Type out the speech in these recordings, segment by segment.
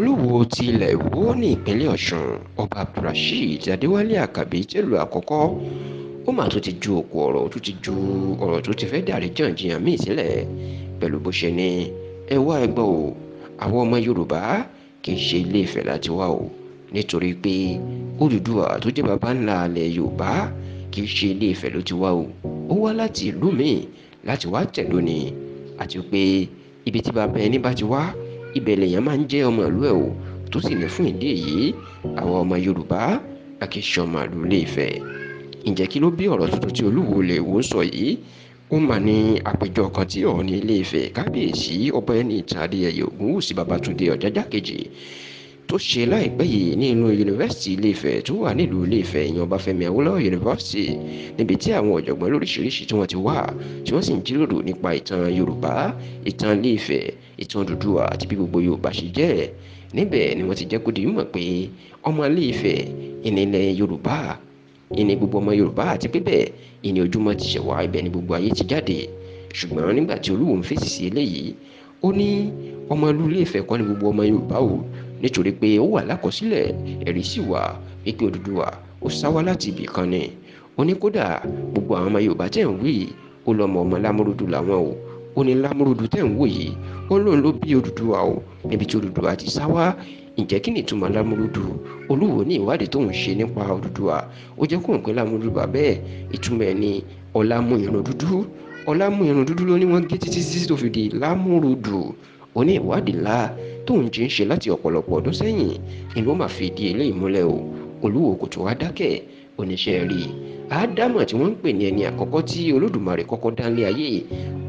olúwo ti ilẹ̀ ìwó ní ìpínlẹ̀ ọ̀ṣun ọba abdulrasheed adéwálé àkàbí tẹ́lu àkọ́kọ́ ó mà tún ti ju òkú ọ̀rọ̀ tún ti ju ọ̀rọ̀ tó ti fẹ́ dàrí jàǹjìyàn míì sílẹ̀ pẹ̀lú bó ṣe ní ẹ wá ẹ gbọ́ o àwọn ọmọ yorùbá kì í ṣe ilé Ifẹ̀ láti wá o nítorí pé Odùduwà tó jẹ́ baba ńlá ilẹ̀ yorùbá kì í ṣe ilé Ifẹ̀ ló ti wá o ó wá láti ìlú míì láti wá tẹ̀dó ni àti pé ibi tí bàbá ẹni bá ti wá ibẹ̀ lèèyàn máa ń jẹ́ ọmọ ìlú ẹ̀ o tó sì ní fún ìdí èyí àwọn ọmọ yorùbá akéṣọ màálù lè fẹ́ ǹjẹ́ kí ló bí ọ̀rọ̀ tuntun tí olúwo lè wò sọ yìí ó mà ní àpéjọ kan tí Ọọ̀ni Ilé-Ifẹ̀ kábíyèsí ọba Ẹniìtàn Adéyẹyè Ògúnwùsì Babátúndé Ọ̀jájá kejì tó ṣe láìpẹ́ yìí ní inú yunifásitì Ilé-Ifẹ̀ tó wà nílùú Ilé-Ifẹ̀ ìyẹn Ọbáfẹ́mi Awólọ́wọ̀ yunifásitì níbi tí àwọn ọ̀jọ̀gbọ́n lóríṣiríṣi tí wọ́n ti wà tí wọ́n sì ń jíròrò nípa ìtàn Yorùbá ìtàn Ilé-Ifẹ̀ ìtàn Odùduwà àti bí gbogbo Yorùbá ṣe jẹ́ níbẹ̀ ni wọ́n ti jẹ́ kó di mímọ̀ pé ọmọ Ilé-Ifẹ̀ ìnilẹ̀ Yorùbá ìní gbogbo ọmọ Yorùbá àti pé ìní ojúmọ́ ti ṣẹ̀wá ibẹ̀ ni gbogbo ayé ti jáde ṣùgbọ́n nígbà tí Olúwo ń fèsì sí eléyìí ó ní ọmọ ìlú Ilé-Ifẹ̀ kọ́ ni gbogbo ọmọ Yorùbá o nítorí pé ó wà lákọsílẹ̀ ẹ̀rí sì wà wípé Odùduwà ó sá láti ibì kan ni ó ní kódà gbogbo àwọn ọmọ Yorùbá tẹ̀ ń wí ó lọ́mọ ọmọ Lámúrúdù làwọn o ó ní Lámúrúdù tẹ̀ ń wò yìí ó lóun ló bí Odùduwà o níbi tí Odùduwà ti sá wá ǹjẹ́ kí ni ìtumọ̀ Lámúrúdù Olúwo ní ìwádìí tóun ṣe nípa Odùduwà ó jẹ́ kóun pé Lámúrúdù bàbá ẹ̀ ìtumọ̀ ẹ̀ ni ọ̀la mú irun dúdú ọ̀la mú irun dúdú ló ní wọ́n gé títí títí tó fi di Lámúrúdù ó ní ìwádìí lá tóun jí ń ṣe láti ọ̀pọ̀lọpọ̀ ọdún sẹ́yìn ni wọ́n máa fi ìdí eléyìí múlẹ̀ o olúwo kò tó wá dákẹ́ oníṣẹ́ rí àádámọ̀ tí wọ́n ń pè ní ẹni àkọ́kọ́ tí olódùmarè kọ́kọ́ dánlé ayé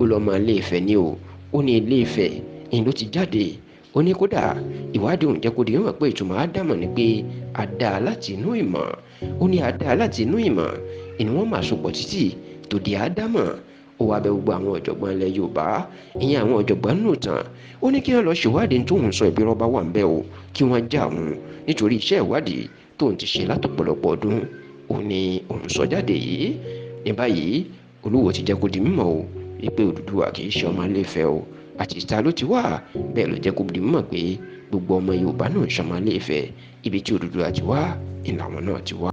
ó lọ máa ilé Ifẹ̀ ni o ó ní ilé Ifẹ̀ ìlú ti jáde ó ní kódà ìwádìí òun jẹ́ kó pé ìtumọ̀ àádámọ̀ ni pé àdá láti inú ìmọ̀ ó ní àdá láti inú ìmọ̀ ìní máa sopọ̀ títì tó àádámọ̀ ó wá bẹ gbogbo àwọn ọ̀jọ̀gbọ́n ilẹ̀ yorùbá ìyẹn àwọn ọ̀jọ̀gbọ́n nù tán ó ní kí wọ́n lọ ṣèwádìí tóun sọ ìbí rọ́bà wà ń bẹ́ o kí wọ́n já òun nítorí iṣẹ́ ìwádìí tóun ti ṣe látọ̀pọ̀lọpọ̀ ọdún ó ní òun sọ jáde yìí ní báyìí olúwo ti jẹ́ kó di mímọ̀ o wípé Odùduwà kì í ṣe ọmọ Ilé-Ifẹ̀ o àti ìta ló ti wà bẹ́ẹ̀ ló jẹ́ kó di mímọ̀ pé gbogbo ọmọ yorùbá náà ṣọmọ Ilé-Ifẹ̀ ibi tí Odùduwà ti wá ìlànà náà ti wá.